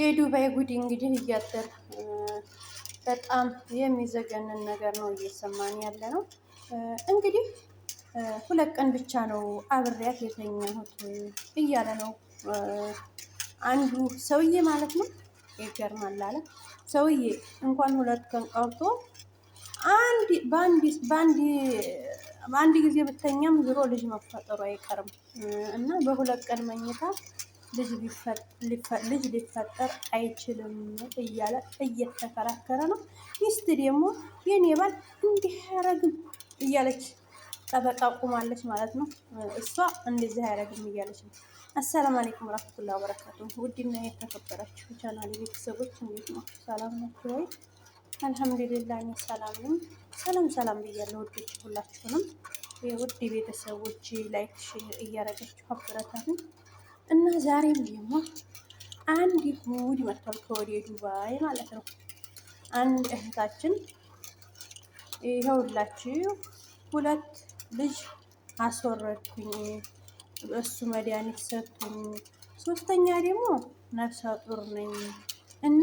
የዱባይ ጉድ እንግዲህ እያደር በጣም የሚዘገንን ነገር ነው እየሰማን ያለ ነው። እንግዲህ ሁለት ቀን ብቻ ነው አብሬያት የተኛሁት እያለ ነው አንዱ ሰውዬ ማለት ነው። ይገርማል አለ ሰውዬ እንኳን ሁለት ቀን ቀርቶ በአንድ ጊዜ ብተኛም ዝሮ ልጅ መፈጠሩ አይቀርም እና በሁለት ቀን መኝታ ልጅ ሊፈጠር አይችልም እያለ እየተከራከረ ነው። ሚስት ደግሞ የኔ ባል እንዲህ አያረግም እያለች ጠበቃ ቁማለች ማለት ነው። እሷ እንደዚህ አያረግም እያለች ነው። አሰላም አለይኩም ወራህመቱላሂ ወበረካቱ። ውድና የተከበራችሁ ቻናል ቤተሰቦች እንዴት ነው? ሰላም ናችሁ ወይ? አልሐምዱሊላ እኔ ሰላም ነኝ። ሰላም ሰላም ብያለሁ ውዶች ሁላችሁንም። ውድ ቤተሰቦች ላይክ፣ ሼር እያረጋችሁ አበረታቱኝ። እና ዛሬም ደግሞ አንድ ጉድ መጥቷል ከወደ ዱባይ ማለት ነው። አንድ እህታችን ይኸውላችሁ ሁለት ልጅ አስወረድኩኝ፣ እሱ መድኃኒት ሰጡኝ፣ ሶስተኛ ደግሞ ነፍሰ ጡር ነኝ እና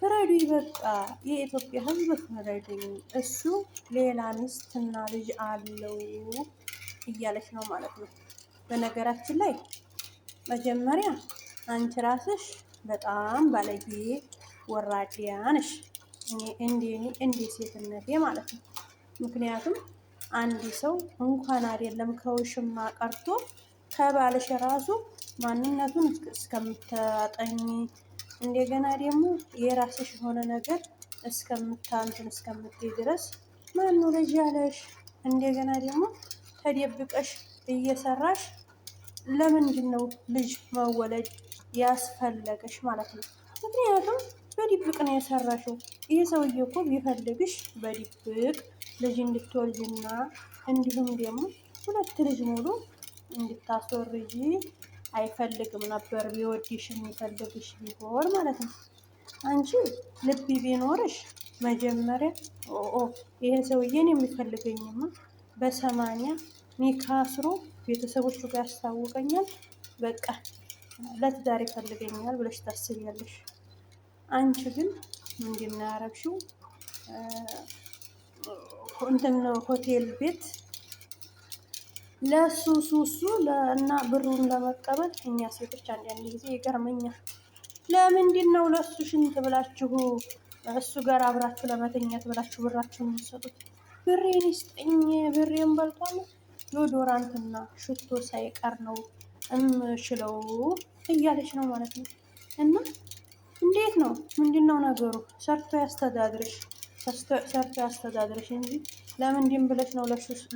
ፍረዱ በቃ የኢትዮጵያ ሕዝብ ፍረዱኝ፣ እሱ ሌላ ሚስትና ልጅ አለው እያለች ነው ማለት ነው በነገራችን ላይ መጀመሪያ አንቺ ራስሽ በጣም ባለጌ ወራዲያ ነሽ፣ እንደ ሴትነቴ ማለት ነው። ምክንያቱም አንድ ሰው እንኳን አይደለም ከውሽማ ቀርቶ ከባልሽ ራሱ ማንነቱን እስከምታጠኝ እንደገና ደግሞ የራስሽ የሆነ ነገር እስከምታንትን እስከምትይ ድረስ ማን ወለጅ ያለሽ እንደገና ደግሞ ተደብቀሽ እየሰራሽ ለምንድን ነው ልጅ መወለድ ያስፈለገሽ ማለት ነው። ምክንያቱም በድብቅ ነው የሰራሽው። ይህ ሰውዬ እኮ ቢፈልግሽ በድብቅ ልጅ እንድትወልጅና እንዲሁም ደግሞ ሁለት ልጅ ሙሉ እንድታስወርጂ አይፈልግም ነበር፣ ቢወድሽ የሚፈልግሽ ቢሆን ማለት ነው። አንቺ ልብ ቢኖርሽ መጀመሪያ ኦ ይሄ ሰውዬን የሚፈልገኝማ በሰማንያ አስሮ። ቤተሰቦቹ ጋር ያስታውቀኛል። በቃ ለትዳር ይፈልገኛል ብለሽ ታስቢያለሽ። አንቺ ግን ምንድን ነው ያረግሽው? እንትን ሆቴል ቤት ለሱ ሱሱ እና ብሩን ለመቀበል እኛ ሴቶች አንዳንድ ጊዜ ይገርመኛል። ለምንድን ነው ለሱ ሽንት ብላችሁ እሱ ጋር አብራችሁ ለመተኛት ብላችሁ ብራችሁን የምትሰጡት? ብሬን ይስጠኝ ብሬን በልቷል። ዶዶራንት እና ሽቶ ሳይቀር ነው እምችለው እያለች ነው ማለት ነው። እና እንዴት ነው ምንድን ነው ነገሩ? ሰርቶ ያስተዳድርሽ ሰርቶ ያስተዳድርሽ እንጂ ለምንድን ብለሽ ነው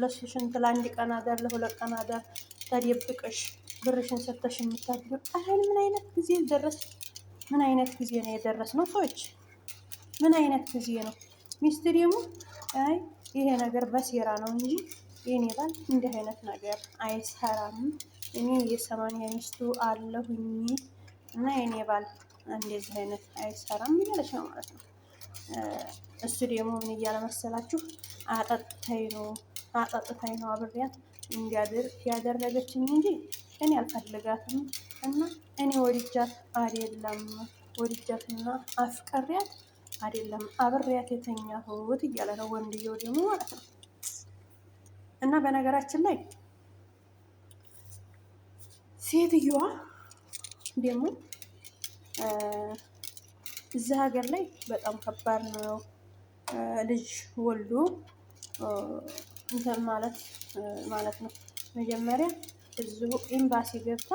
ለሱ ለአንድ ቀን አዳር ለሁለት ቀን አዳር ተደብቅሽ ብርሽን ሰተሽ የምታድር? አህል ምን አይነት ጊዜ ደረስ? ምን አይነት ጊዜ ነው የደረስ ነው? ሰዎች ምን አይነት ጊዜ ነው? ሚስት ደግሞ አይ ይሄ ነገር በሴራ ነው እንጂ የኔ ባል እንዲህ አይነት ነገር አይሰራም። እኔ የሰማንያ ሚስቱ አለሁኝ እና የኔ ባል እንደዚህ አይነት አይሰራም እያለች ነው ማለት ነው። እሱ ደግሞ ምን እያለ መሰላችሁ? አጠጥታይ ነው አጠጥታይ ነው አብሬያት እንዲያድር ያደረገችኝ እንጂ እኔ አልፈልጋትም እና እኔ ወድጃት አይደለም ወድጃትና አፍቀሪያት አይደለም አብሬያት የተኛሁት እያለ ነው ወንድየው ደግሞ ማለት ነው። እና በነገራችን ላይ ሴትዮዋ ደግሞ እዚህ ሀገር ላይ በጣም ከባድ ነው። ልጅ ወልዶ እንትን ማለት ማለት ነው። መጀመሪያ እዚሁ ኤምባሲ ገብታ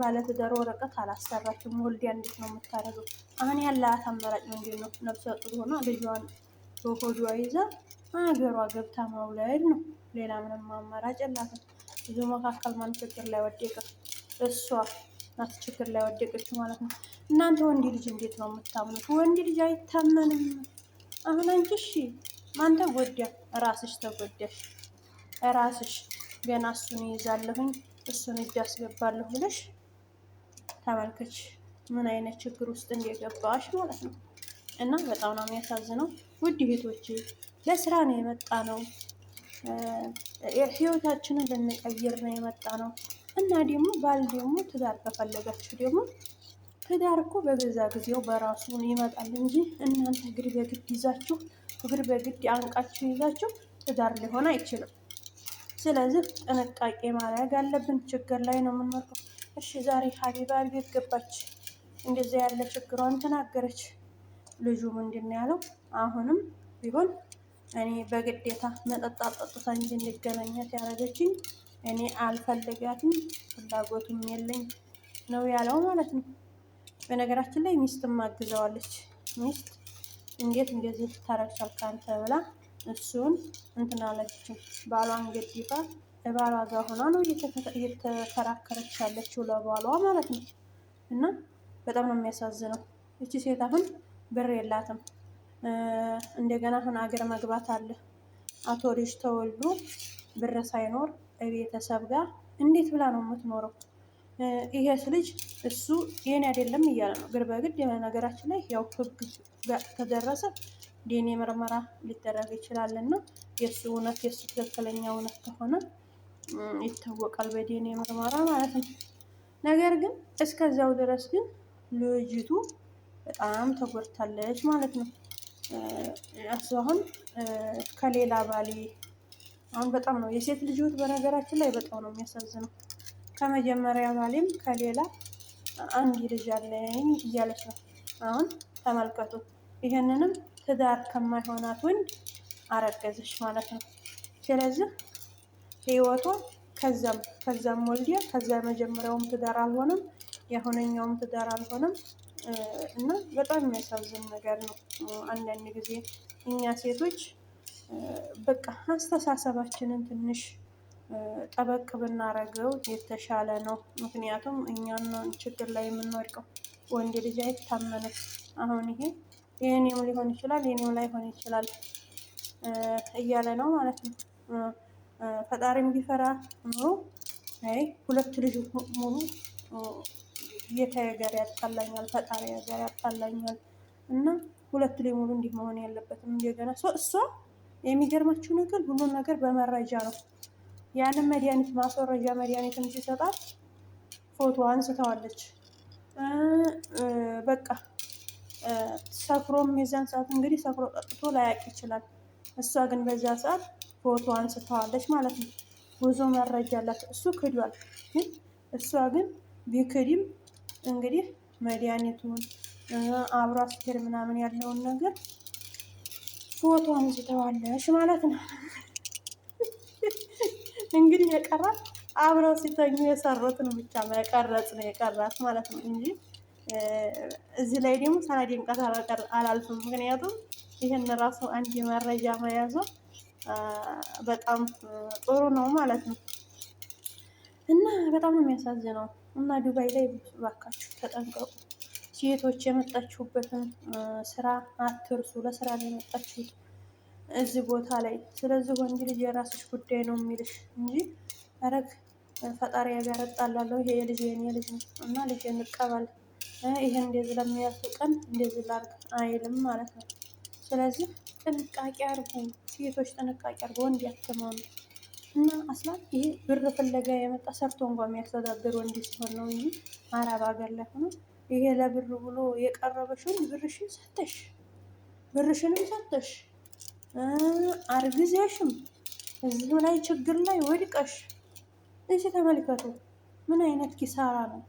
ባለትዳር ወረቀት አላሰራችም። ወልዲያ እንዴት ነው የምታደርገው? አሁን ያላት አማራጭ ምንድን ነው? ነፍሰ ጡር ሆና ልጇን በሆዷ ይዛ ሀገሯ ገብታ መውለድ ነው። ሌላ ምንም አማራጭ የላትም። ብዙ መካከል ማን ችግር ላይ ወደቀች? እሷ ናት ችግር ላይ ወደቀች ማለት ነው። እናንተ ወንድ ልጅ እንዴት ነው የምታምኑት? ወንድ ልጅ አይታመንም። አሁን አንቺ እሺ፣ ማን ተጎዳ? ራስሽ ተጎዳሽ። ራስሽ ገና እሱን ይይዛለሁኝ እሱን እጅ አስገባለሁ ብለሽ ተመልከች፣ ምን አይነት ችግር ውስጥ እንደገባሽ ማለት ነው። እና በጣም ነው የሚያሳዝነው ውድ እህቶቼ ለስራ ነው የመጣ ነው፣ ህይወታችንን ልንቀይር ነው የመጣ ነው እና ደግሞ ባል ደግሞ ትዳር ከፈለጋችሁ ደግሞ ትዳር እኮ በገዛ ጊዜው በራሱ ይመጣል እንጂ እናንተ እግር በግድ ይዛችሁ እግር በግድ አንቃችሁ ይዛችሁ ትዳር ሊሆን አይችልም። ስለዚህ ጥንቃቄ ማድረግ አለብን። ችግር ላይ ነው የምንወርቀው። እሺ ዛሬ ሀቢባ ቤት ገባች፣ እንደዚያ ያለ ችግሯን ተናገረች። ልጁ ምንድን ያለው አሁንም ቢሆን እኔ በግዴታ መጠጥ አጠጥታ እንጂ እንገናኛት ያደረገችኝ እኔ አልፈልጋትም ፍላጎትም የለኝ ነው ያለው ማለት ነው። በነገራችን ላይ ሚስትም አግዘዋለች። ሚስት እንዴት እንደዚህ ልታረግሻል ካንተ ብላ እሱን እንትን አለችው። ባሏን ገዲፋ ለባሏ ጋር ሆና ነው እየተከራከረች ያለችው ለባሏ ማለት ነው። እና በጣም ነው የሚያሳዝነው። እቺ ሴት አሁን ብር የላትም። እንደገና አሁን አገር መግባት አለ። አቶ ልጅ ተወልዶ ብር ሳይኖር ቤተሰብ ጋር እንዴት ብላ ነው የምትኖረው? ይሄስ ልጅ እሱ የኔ አይደለም እያለ ነው ግር በግድ ነገራችን ላይ ያው ህግ ጋር ከደረሰ ዲኔ ምርመራ ሊደረግ ይችላል እና የእሱ እውነት የእሱ ትክክለኛ እውነት ከሆነ ይታወቃል በዲኔ ምርመራ ማለት ነው። ነገር ግን እስከዛው ድረስ ግን ልጅቱ በጣም ተጎድታለች ማለት ነው። እሱ አሁን ከሌላ ባሌ አሁን በጣም ነው የሴት ልጅ በነገራችን ላይ በጣም ነው የሚያሳዝነው። ከመጀመሪያ ባሌም ከሌላ አንድ ልጅ አለኝ እያለች ነው አሁን ተመልከቱ። ይህንንም ትዳር ከማይሆናት ወንድ አረገዘች ማለት ነው። ስለዚህ ህይወቱ ከዛም ከዛም ወልዲያ ከዛ የመጀመሪያውም ትዳር አልሆነም፣ የአሁነኛውም ትዳር አልሆነም። እና በጣም የሚያሳዝን ነገር ነው። አንዳንድ ጊዜ እኛ ሴቶች በቃ አስተሳሰባችንን ትንሽ ጠበቅ ብናረገው የተሻለ ነው። ምክንያቱም እኛና ችግር ላይ የምንወድቀው ወንድ ልጅ አይታመንም። አሁን ይሄ የእኔም ሊሆን ይችላል የእኔም ላይሆን ይችላል እያለ ነው ማለት ነው። ፈጣሪም ቢፈራ ኑሮ ሁለት ልጅ ሙሉ ጌታ ያጣላኛል፣ ፈጣሪ ጋር ያጣላኛል እና ሁለት ላይ ሙሉ እንዲህ መሆን ያለበትም እንደገና እሷ የሚገርማችሁ ነገር ሁሉን ነገር በመረጃ ነው። ያንን መድኃኒት ማስወረጃ መድኃኒትም ሲሰጣት ፎቶ አንስተዋለች። በቃ ሰክሮም የዛን ሰዓት እንግዲህ ሰክሮ ጠጥቶ ላያቅ ይችላል። እሷ ግን በዛ ሰዓት ፎቶ አንስተዋለች ማለት ነው። ብዙ መረጃ አላት። እሱ ክዷል፣ ግን እሷ ግን ቢክድም እንግዲህ መድኃኒቱን አብሮ አስቴር ምናምን ያለውን ነገር ፎቶ አንስተዋለሽ ማለት ነው። እንግዲህ የቀራት አብረው ሲተኙ የሰሩትን ብቻ መቀረጽ ነው የቀራት ማለት ነው እንጂ እዚህ ላይ ደግሞ ሳላደንቃት አላልፍም። ምክንያቱም ይህን ራሱ አንድ መረጃ መያዙ በጣም ጥሩ ነው ማለት ነው። በጣም ነው የሚያሳዝነው። እና ዱባይ ላይ ባካችሁ ተጠንቀቁ። ሴቶች የመጣችሁበትን ስራ አትርሱ። ለስራ ነው የመጣችሁት እዚህ ቦታ ላይ። ስለዚህ ወንድ ልጅ የራስሽ ጉዳይ ነው የሚልሽ እንጂ ረግ ፈጣሪ ጋር እጣላለሁ ይሄ የልጅ የኔ ልጅ ነው እና ልጅ እንቀበል ይህን እንደዚህ ለሚያልፍ ቀን እንደዚህ ላርግ አይልም ማለት ነው። ስለዚህ ጥንቃቄ አርጉ ሴቶች፣ ጥንቃቄ አርጉ ወንድ ያትማኑ እና አስላት ይሄ ብር ፍለጋ የመጣ ሰርቶ እንኳ የሚያስተዳድር ወንድ ሲሆን ነው እንጂ አረብ ሀገር ላይ ሆኖ ይሄ ለብር ብሎ የቀረበሽውን ብርሽን ሰተሽ ብርሽንም ሰተሽ አርግዜሽም እዚህ ላይ ችግር ላይ ወድቀሽ እዚ ተመልከቱ። ምን አይነት ኪሳራ ነው?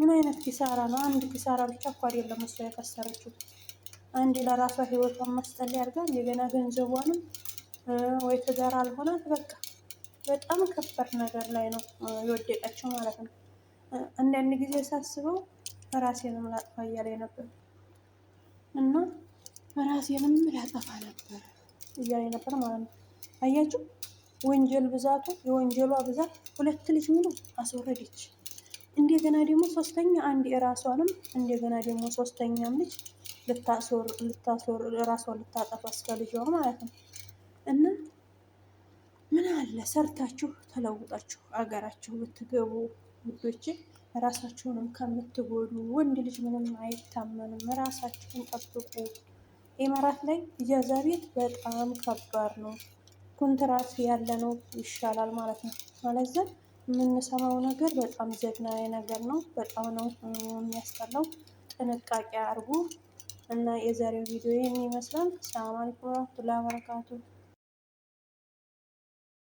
ምን አይነት ኪሳራ ነው? አንድ ኪሳራ ብቻ እኮ አይደለም እሷ የከሰረችው። አንዴ ለራሷ ህይወቷን መስጠል ያርጋል የገና ገንዘቧንም ወይ ትዳር አልሆናት በቃ በጣም ከባድ ነገር ላይ ነው የወደቀችው ማለት ነው። አንዳንድ ጊዜ ሳስበው ራሴንም ላጥፋ እያለ ነበር እና ራሴንም ላጠፋ ነበር እያለ ነበር ማለት ነው። አያችሁ ወንጀል ብዛቱ የወንጀሏ ብዛት ሁለት ልጅ ሙሉ አስወረደች። እንደገና ደግሞ ሶስተኛ አንድ የራሷንም እንደገና ደግሞ ሶስተኛም ልጅ ልታስወር ራሷን ልታጠፋ እስከ ልጇ ማለት ነው። እና ምን አለ ሰርታችሁ ተለውጣችሁ አገራችሁ ብትገቡ ውዶች፣ ራሳችሁንም ከምትጎዱ ወንድ ልጅ ምንም አይታመንም። ራሳችሁን ጠብቁ። ኢማራት ላይ ኢጃዛ ቤት በጣም ከባድ ነው። ኮንትራት ያለ ነው ይሻላል ማለት ነው። ማለዚያ የምንሰማው ነገር በጣም ዘግናዊ ነገር ነው። በጣም ነው የሚያስጠላው። ጥንቃቄ አድርጉ እና የዛሬው ቪዲዮ ይህን ይመስላል። ሰላም አለይኩም ወራህመቱላሂ ወበረካቱ።